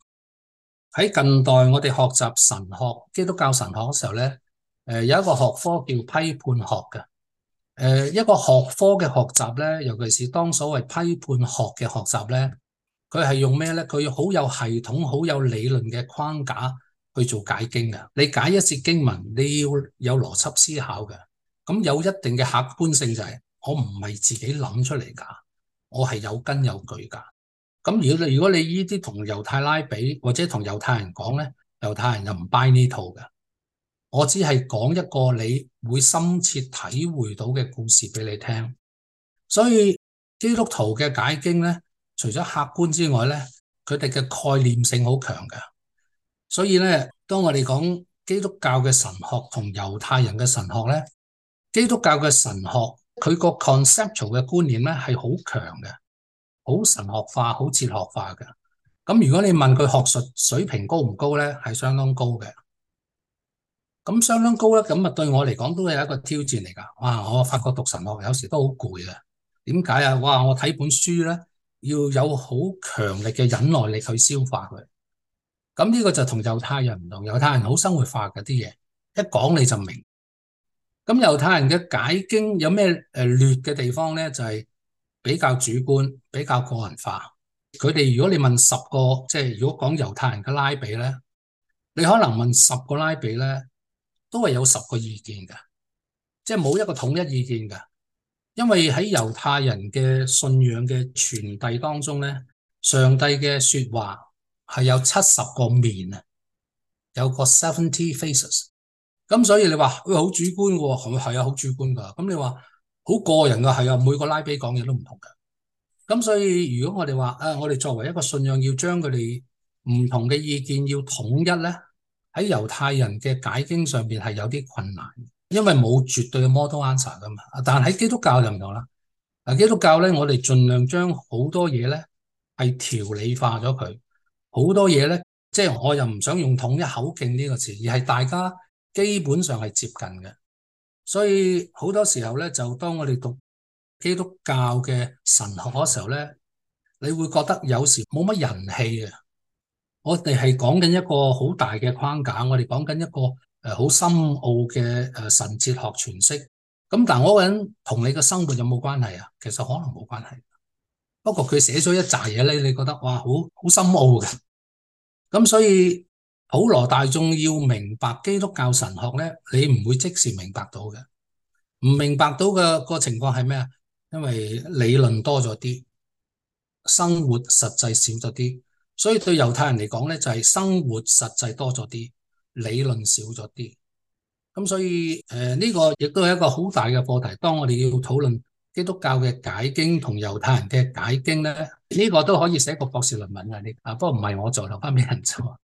[SPEAKER 2] 喺近代我哋學習神學、基督教神學嘅時候咧，誒有一個學科叫批判學嘅。誒一個學科嘅學習咧，尤其是當所謂批判學嘅學習咧，佢係用咩咧？佢好有系統、好有理論嘅框架去做解經嘅。你解一節經文，你要有邏輯思考嘅，咁有一定嘅客觀性就係，我唔係自己諗出嚟㗎，我係有根有據㗎。咁如果你如果你呢啲同猶太拉比或者同猶太人講咧，猶太人就唔 buy 呢套㗎。我只係講一個你會深切體會到嘅故事俾你聽，所以基督徒嘅解經咧，除咗客觀之外咧，佢哋嘅概念性好強嘅。所以咧，當我哋講基督教嘅神學同猶太人嘅神學咧，基督教嘅神學佢個 conceptual 嘅觀念咧係好強嘅，好神學化、好哲學化嘅。咁如果你問佢學術水平高唔高咧，係相當高嘅。咁相當高咧，咁啊對我嚟講都係一個挑戰嚟噶。哇！我發覺讀神學有時都好攰啊。點解啊？哇！我睇本書咧，要有好強力嘅忍耐力去消化佢。咁呢個就同猶太人唔同，猶太人好生活化噶啲嘢，一講你就明。咁猶太人嘅解經有咩惡劣嘅地方咧？就係比較主觀，比較個人化。佢哋如果你問十個，即係如果講猶太人嘅拉比咧，你可能問十個拉比咧。都係有十個意見嘅，即係冇一個統一意見嘅，因為喺猶太人嘅信仰嘅傳遞當中咧，上帝嘅説話係有七十個面啊，有個 seventy faces。咁所以你話佢好主觀嘅喎？哦，係啊，好主觀㗎。咁你話好個人㗎，係啊，每個拉比講嘢都唔同嘅。咁所以如果我哋話啊，我哋作為一個信仰，要將佢哋唔同嘅意見要統一咧？喺猶太人嘅解經上邊係有啲困難，因為冇絕對嘅 model answer 㗎嘛。但喺基督教就唔同啦。啊，基督教咧，我哋盡量將好多嘢咧係條理化咗佢，好多嘢咧，即係我又唔想用統一口徑呢個詞，而係大家基本上係接近嘅。所以好多時候咧，就當我哋讀基督教嘅神學嘅時候咧，你會覺得有時冇乜人氣嘅。我哋係講緊一個好大嘅框架，我哋講緊一個誒好深奧嘅誒神哲學詮釋。咁但係我個人同你嘅生活有冇關係啊？其實可能冇關係。不過佢寫咗一紮嘢咧，你覺得哇，好好深奧嘅。咁所以普羅大眾要明白基督教神學咧，你唔會即時明白到嘅。唔明白到嘅，嗰個情況係咩啊？因為理論多咗啲，生活實際少咗啲。所以對猶太人嚟講咧，就係、是、生活實際多咗啲，理論少咗啲。咁所以誒呢、呃這個亦都係一個好大嘅課題。當我哋要討論基督教嘅解經同猶太人嘅解經咧，呢、這個都可以寫個博士論文噶你。啊，不過唔係我做，留翻俾人做。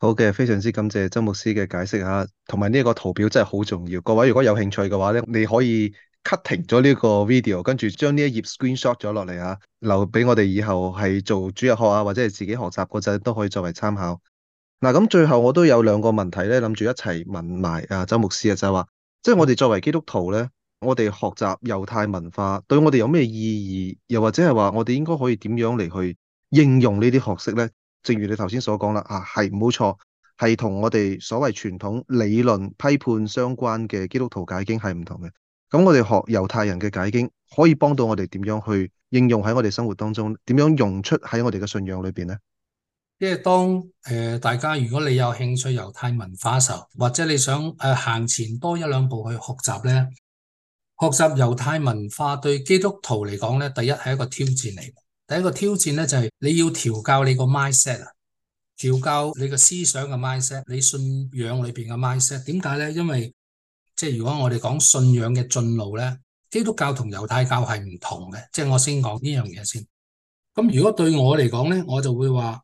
[SPEAKER 1] 好嘅，非常之感謝周牧師嘅解釋吓，同埋呢個圖表真係好重要。各位如果有興趣嘅話咧，你可以。cut 停咗呢個 video，跟住將呢一頁 screen shot 咗落嚟啊，留俾我哋以後係做主日學啊，或者係自己學習嗰陣都可以作為參考。嗱，咁最後我都有兩個問題咧，諗住一齊問埋啊周牧師啊，就係話，即係我哋作為基督徒咧，我哋學習猶太文化對我哋有咩意義？又或者係話我哋應該可以點樣嚟去應用呢啲學識咧？正如你頭先所講啦，啊係冇錯，係同我哋所謂傳統理論批判相關嘅基督徒解經係唔同嘅。咁我哋學猶太人嘅解經，可以幫到我哋點樣去應用喺我哋生活當中？點樣用出喺我哋嘅信仰裏邊呢？
[SPEAKER 2] 因為當誒大家，如果你有興趣猶太文化嘅時候，或者你想誒行，呃、前多一兩步去學習呢，學習猶太文化對基督徒嚟講呢，第一係一個挑戰嚟。第一個挑戰呢，就係、是、你要調教你個 mindset 啊，set，調教你嘅思想嘅 mindset，你信仰裏邊嘅 mindset。點解呢？因為即係如果我哋講信仰嘅進路咧，基督教同猶太教係唔同嘅。即係我先講呢樣嘢先。咁如果對我嚟講咧，我就會話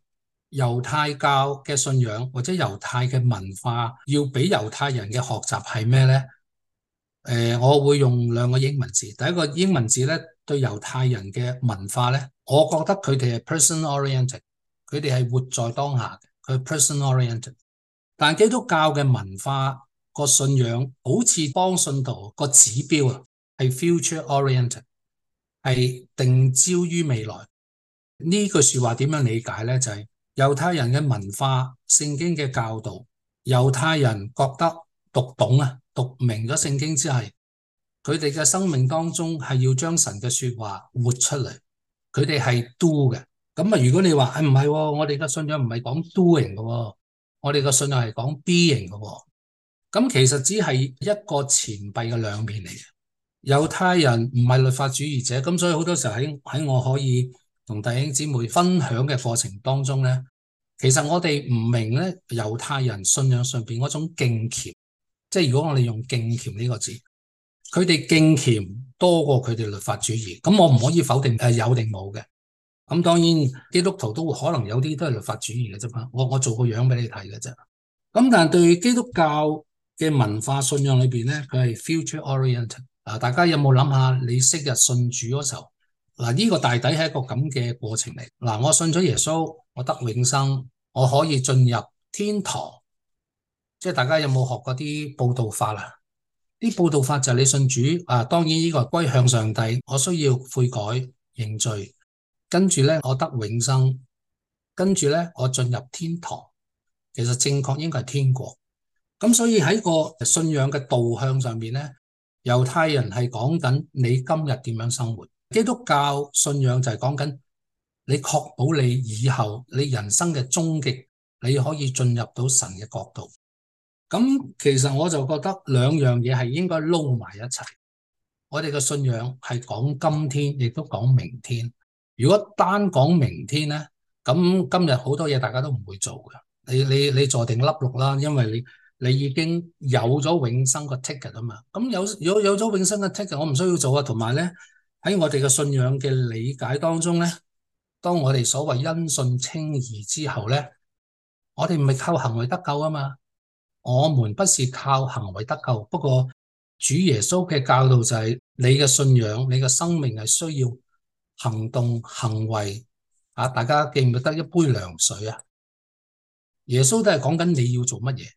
[SPEAKER 2] 猶太教嘅信仰或者猶太嘅文化，要俾猶太人嘅學習係咩咧？誒、呃，我會用兩個英文字。第一個英文字咧，對猶太人嘅文化咧，我覺得佢哋係 person-oriented，佢哋係活在當下嘅，佢 person-oriented，但基督教嘅文化。個信仰好似幫信徒個指標啊，係 future-oriented，係定焦於未來。呢句說話點樣理解呢？就係猶太人嘅文化、聖經嘅教導。猶太人覺得讀懂啊、讀明咗聖經之後，佢哋嘅生命當中係要將神嘅說話活出嚟。佢哋係 do 嘅。咁啊，如果你話誒唔係，我哋嘅信仰唔係講 doing 嘅，我哋嘅信仰係講 being 嘅。咁其實只係一個錢幣嘅兩面嚟嘅。猶太人唔係律法主義者，咁所以好多時候喺喺我可以同弟兄姊妹分享嘅課程當中咧，其實我哋唔明咧，猶太人信仰上邊嗰種敬虔，即係如果我哋用敬虔呢個字，佢哋敬虔多過佢哋律法主義。咁我唔可以否定係有定冇嘅。咁當然基督徒都會可能有啲都係律法主義嘅啫嘛。我我做個樣俾你睇嘅啫。咁但係對基督教。嘅文化信仰裏邊呢，佢係 future-oriented。嗱，大家有冇諗下你昔日信主嗰時候？嗱，呢個大抵係一個咁嘅過程嚟。嗱，我信咗耶穌，我得永生，我可以進入天堂。即係大家有冇學過啲報道法啊？啲報道法就係你信主啊，當然呢個係歸向上帝。我需要悔改認罪，跟住呢，我得永生，跟住呢，我進入天堂。其實正確應該係天國。咁所以喺個信仰嘅導向上面咧，猶太人係講緊你今日點樣生活，基督教信仰就係講緊你確保你以後你人生嘅終極，你可以進入到神嘅國度。咁其實我就覺得兩樣嘢係應該撈埋一齊。我哋嘅信仰係講今天，亦都講明天。如果單講明天咧，咁今日好多嘢大家都唔會做嘅。你你你坐定粒六啦，因為你。你已經有咗永生個 ticket 啊嘛，咁有有有咗永生嘅 ticket，我唔需要做啊。同埋咧，喺我哋嘅信仰嘅理解當中咧，當我哋所謂因信稱義之後咧，我哋唔係靠行為得救啊嘛。我們不是靠行為得救，不過主耶穌嘅教導就係你嘅信仰，你嘅生命係需要行動行為啊。大家記唔記得一杯涼水啊？耶穌都係講緊你要做乜嘢。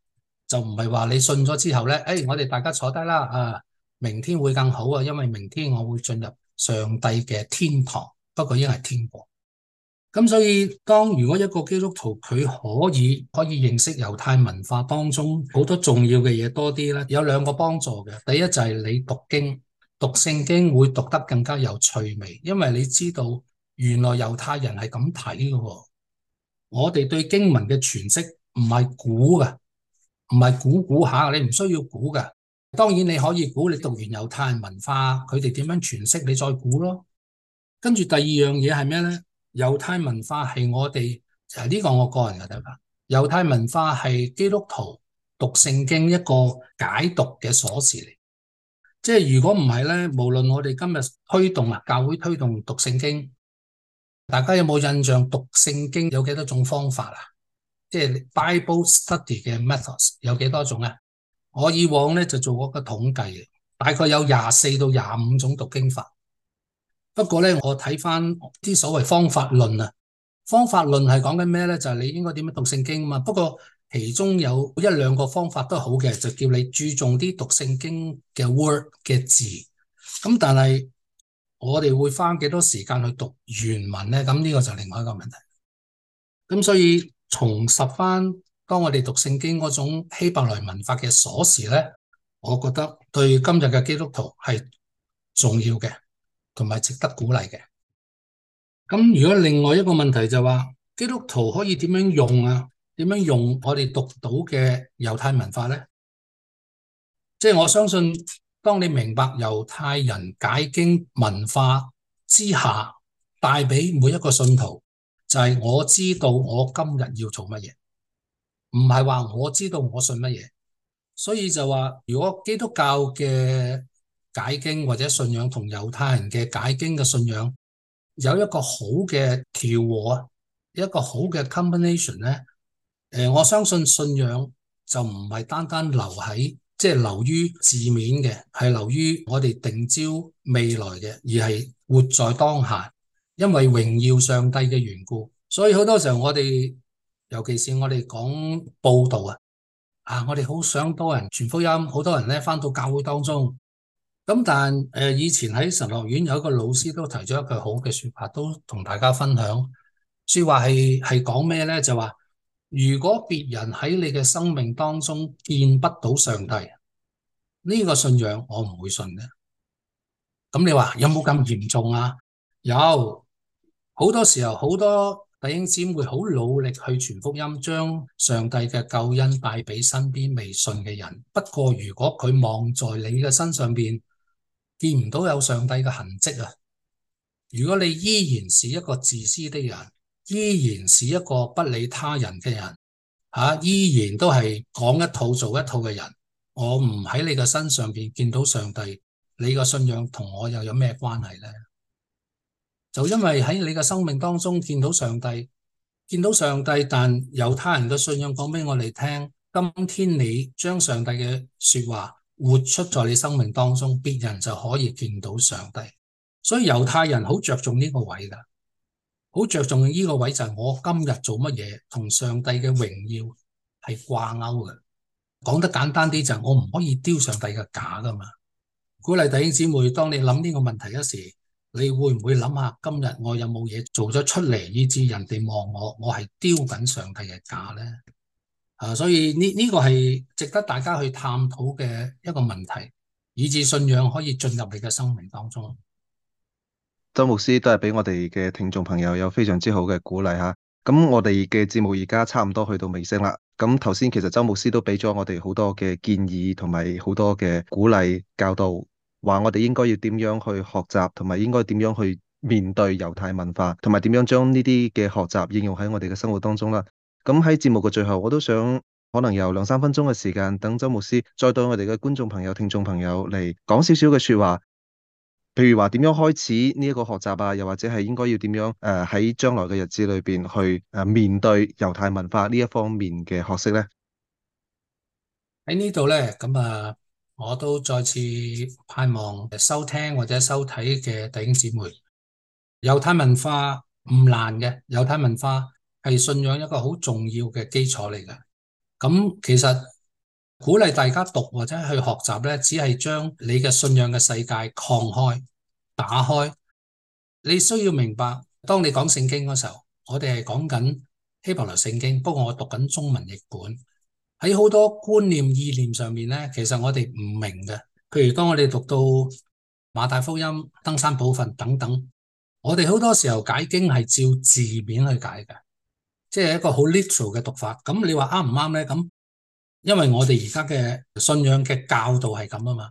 [SPEAKER 2] 就唔係話你信咗之後呢，誒、哎，我哋大家坐低啦，啊，明天會更好啊，因為明天我會進入上帝嘅天堂，不過應該係天國。咁所以當如果一個基督徒佢可以可以認識猶太文化當中好多重要嘅嘢，多啲咧，有兩個幫助嘅。第一就係你讀經，讀聖經會讀得更加有趣味，因為你知道原來猶太人係咁睇噶。我哋對經文嘅詮釋唔係估噶。唔係估估下，你唔需要估噶。當然你可以估，你讀完猶太文化，佢哋點樣詮釋，你再估咯。跟住第二樣嘢係咩咧？猶太文化係我哋就係呢個我個人嘅睇法。猶太文化係基督徒讀聖經一個解讀嘅鎖匙嚟。即係如果唔係咧，無論我哋今日推動啊，教會推動讀聖經，大家有冇印象讀聖經有幾多種方法啊？即係 Bible study 嘅 methods 有幾多種啊？我以往咧就做過個統計，大概有廿四到廿五種讀經法。不過咧，我睇翻啲所謂方法論啊，方法論係講緊咩咧？就係你應該點樣讀聖經啊嘛。不過其中有一兩個方法都好嘅，就叫你注重啲讀聖經嘅 word 嘅字。咁但係我哋會花幾多時間去讀原文咧？咁呢個就另外一個問題。咁所以。重拾翻當我哋讀聖經嗰種希伯來文化嘅鎖匙呢，我覺得對今日嘅基督徒係重要嘅，同埋值得鼓勵嘅。咁如果另外一個問題就話，基督徒可以點樣用啊？點樣用我哋讀到嘅猶太文化呢？即係我相信，當你明白猶太人解經文化之下，帶俾每一個信徒。就係我知道我今日要做乜嘢，唔係話我知道我信乜嘢，所以就話如果基督教嘅解經或者信仰同猶太人嘅解經嘅信仰有一個好嘅調和啊，有一個好嘅 combination 咧、呃，我相信信仰就唔係單單留喺即係留於字面嘅，係留於我哋定焦未來嘅，而係活在當下。因為榮耀上帝嘅緣故，所以好多時候我哋，尤其是我哋講佈道啊，啊，我哋好想多人傳福音，好多人咧翻到教會當中。咁但誒、呃，以前喺神學院有一個老師都提咗一句好嘅說法，都同大家分享。說話係係講咩咧？就話如果別人喺你嘅生命當中見不到上帝，呢個信仰我唔會信嘅。咁你話有冇咁嚴重啊？有。好多時候，好多弟兄姊妹好努力去傳福音，將上帝嘅救恩帶俾身邊未信嘅人。不過，如果佢望在你嘅身上邊見唔到有上帝嘅痕跡啊，如果你依然是一個自私的人，依然是一個不理他人嘅人，吓依然都係講一套做一套嘅人，我唔喺你嘅身上邊見到上帝，你個信仰同我又有咩關係呢？就因為喺你嘅生命當中見到上帝，見到上帝，但猶太人嘅信仰講俾我哋聽，今天你將上帝嘅說話活出在你生命當中，別人就可以見到上帝。所以猶太人好着重呢個位噶，好着重呢個位就係我今日做乜嘢同上帝嘅榮耀係掛鈎嘅。講得簡單啲就係我唔可以丟上帝嘅架噶嘛。鼓勵弟兄姊妹，當你諗呢個問題嘅時。你會唔會諗下今日我有冇嘢做咗出嚟，以至人哋望我，我係丟緊上帝嘅架咧？啊、uh，所以呢呢、呢個係值得大家去探討嘅一個問題，以致信仰可以進入你嘅生命當中。
[SPEAKER 1] 周牧師都係畀我哋嘅聽眾朋友有非常之好嘅鼓勵吓。咁我哋嘅節目而家差唔多去到尾聲啦。咁頭先其實周牧師都畀咗我哋好多嘅建議，同埋好多嘅鼓勵教導。話我哋應該要點樣去學習，同埋應該點樣去面對猶太文化，同埋點樣將呢啲嘅學習應用喺我哋嘅生活當中啦。咁喺節目嘅最後，我都想可能有兩三分鐘嘅時間，等周牧師再對我哋嘅觀眾朋友、聽眾朋友嚟講少少嘅說話。譬如話點樣開始呢一個學習啊，又或者係應該要點樣誒喺、呃、將來嘅日子裏邊去誒面對猶太文化呢一方面嘅學識咧。
[SPEAKER 2] 喺呢度咧，咁啊。我都再次盼望收聽或者收睇嘅弟兄姊妹，猶太文化唔難嘅，猶太文化係信仰一個好重要嘅基礎嚟嘅。咁其實鼓勵大家讀或者去學習呢，只係將你嘅信仰嘅世界擴開、打開。你需要明白，當你講聖經嗰時候，我哋係講緊希伯來聖經，不過我讀緊中文譯本。喺好多觀念意念上面咧，其實我哋唔明嘅。譬如當我哋讀到馬太福音登山寶訓等等，我哋好多時候解經係照字面去解嘅，即係一個好 literal 嘅讀法。咁你話啱唔啱咧？咁因為我哋而家嘅信仰嘅教導係咁啊嘛，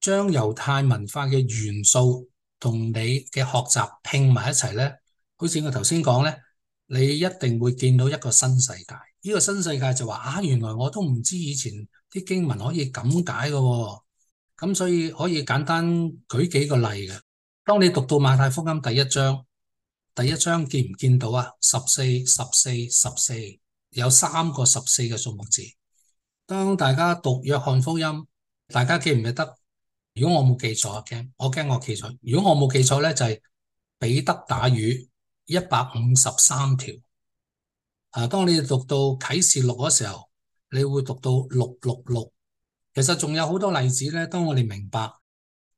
[SPEAKER 2] 將猶太文化嘅元素同你嘅學習拼埋一齊咧，好似我頭先講咧，你一定會見到一個新世界。呢個新世界就話啊，原來我都唔知以前啲經文可以咁解嘅喎，咁所以可以簡單舉幾個例嘅。當你讀到馬太福音第一章，第一章見唔見到啊？十四、十四、十四，有三個十四嘅數目字。當大家讀約翰福音，大家記唔記得？如果我冇記錯，我驚我記錯。如果我冇記錯呢，就係、是、彼得打魚一百五十三條。啊！當你讀到啟示錄嗰時候，你會讀到六六六。其實仲有好多例子咧。當我哋明白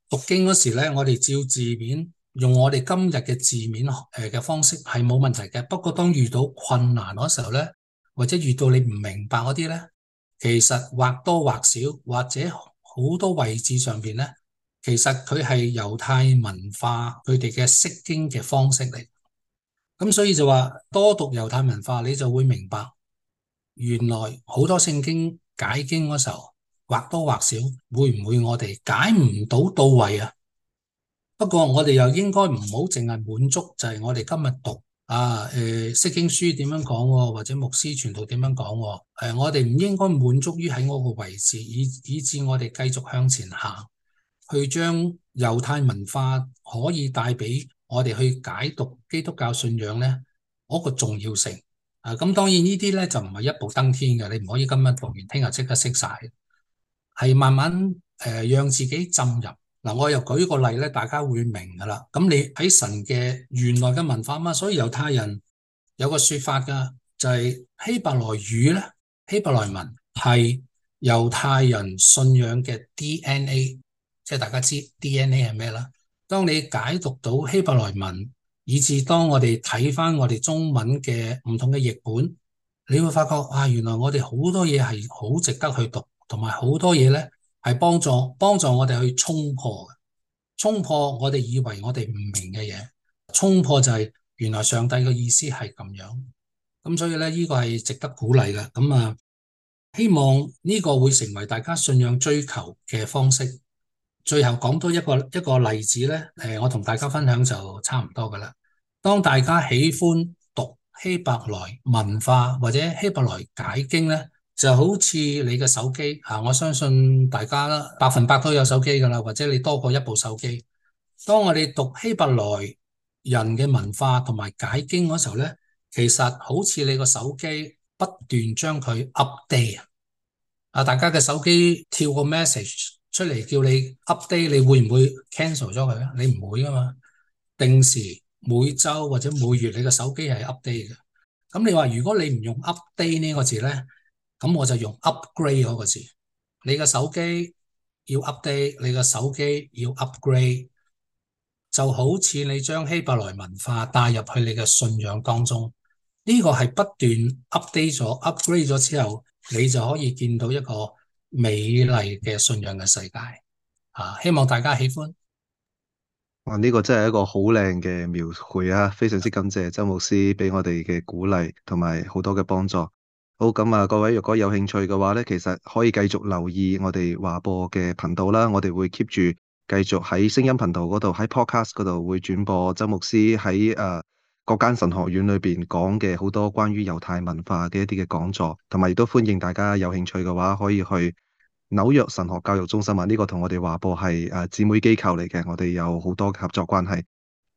[SPEAKER 2] 讀經嗰時咧，我哋照字面用我哋今日嘅字面誒嘅方式係冇問題嘅。不過當遇到困難嗰時候咧，或者遇到你唔明白嗰啲咧，其實或多或少或者好多位置上邊咧，其實佢係猶太文化佢哋嘅釋經嘅方式嚟。咁、嗯、所以就話多讀猶太文化，你就會明白，原來好多聖經解經嗰時候或多或少會唔會我哋解唔到到位啊？不過我哋又應該唔好淨係滿足就，就係我哋今日讀啊誒，釋經書點樣講、啊，或者牧師傳道點樣講誒、啊啊，我哋唔應該滿足於喺嗰個位置，以以致我哋繼續向前行，去將猶太文化可以帶俾。我哋去解讀基督教信仰呢，嗰、那個重要性啊！咁當然呢啲呢，就唔係一步登天嘅，你唔可以今日讀完，聽日即刻識晒，係慢慢誒、呃、讓自己浸入。嗱、啊，我又舉個例呢，大家會明噶啦。咁你喺神嘅原來嘅文化嘛，所以猶太人有個説法噶，就係、是、希伯來語呢。希伯來文係猶太人信仰嘅 DNA，即係大家知 DNA 係咩啦？當你解讀到希伯來文，以至當我哋睇翻我哋中文嘅唔同嘅譯本，你會發覺啊，原來我哋好多嘢係好值得去讀，同埋好多嘢呢係幫助幫助我哋去衝破嘅，衝破我哋以為我哋唔明嘅嘢，衝破就係原來上帝嘅意思係咁樣。咁所以呢，呢，呢個係值得鼓勵嘅。咁啊，希望呢個會成為大家信仰追求嘅方式。最後講多一個一個例子咧，誒，我同大家分享就差唔多噶啦。當大家喜歡讀希伯來文化或者希伯來解經呢，就好似你嘅手機吓，我相信大家百分百都有手機噶啦，或者你多過一部手機。當我哋讀希伯來人嘅文化同埋解經嗰時候呢，其實好似你個手機不斷將佢 update 啊，大家嘅手機跳個 message。出嚟叫你 update，你會唔會 cancel 咗佢咧？你唔會噶嘛？定時、每周或者每月，你嘅手機係 update 嘅。咁你話如果你唔用 update 呢個字咧，咁我就用 upgrade 嗰個字。你嘅手機要 update，你嘅手機要 upgrade，就好似你將希伯來文化帶入去你嘅信仰當中，呢個係不斷 update 咗 upgrade 咗之後你就可以見到一個。美麗嘅信仰嘅世界，啊，希望大家喜歡。
[SPEAKER 1] 哇，呢、這個真係一個好靚嘅描繪啊！非常之感謝周牧師畀我哋嘅鼓勵同埋好多嘅幫助。好，咁、嗯、啊，各位如果有興趣嘅話咧，其實可以繼續留意我哋華播嘅頻道啦。我哋會 keep 住繼續喺聲音頻道嗰度，喺 podcast 嗰度會轉播周牧師喺，誒。呃各間神學院裏邊講嘅好多關於猶太文化嘅一啲嘅講座，同埋亦都歡迎大家有興趣嘅話，可以去紐約神學教育中心啊，呢個同我哋華播係誒姊妹機構嚟嘅，我哋有好多嘅合作關係。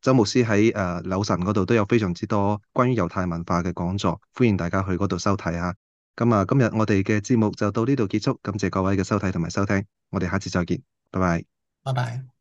[SPEAKER 1] 周牧師喺誒紐神嗰度都有非常之多關於猶太文化嘅講座，歡迎大家去嗰度收睇吓。咁啊，今日我哋嘅節目就到呢度結束，感謝各位嘅收睇同埋收聽，我哋下次再見，拜拜，拜拜。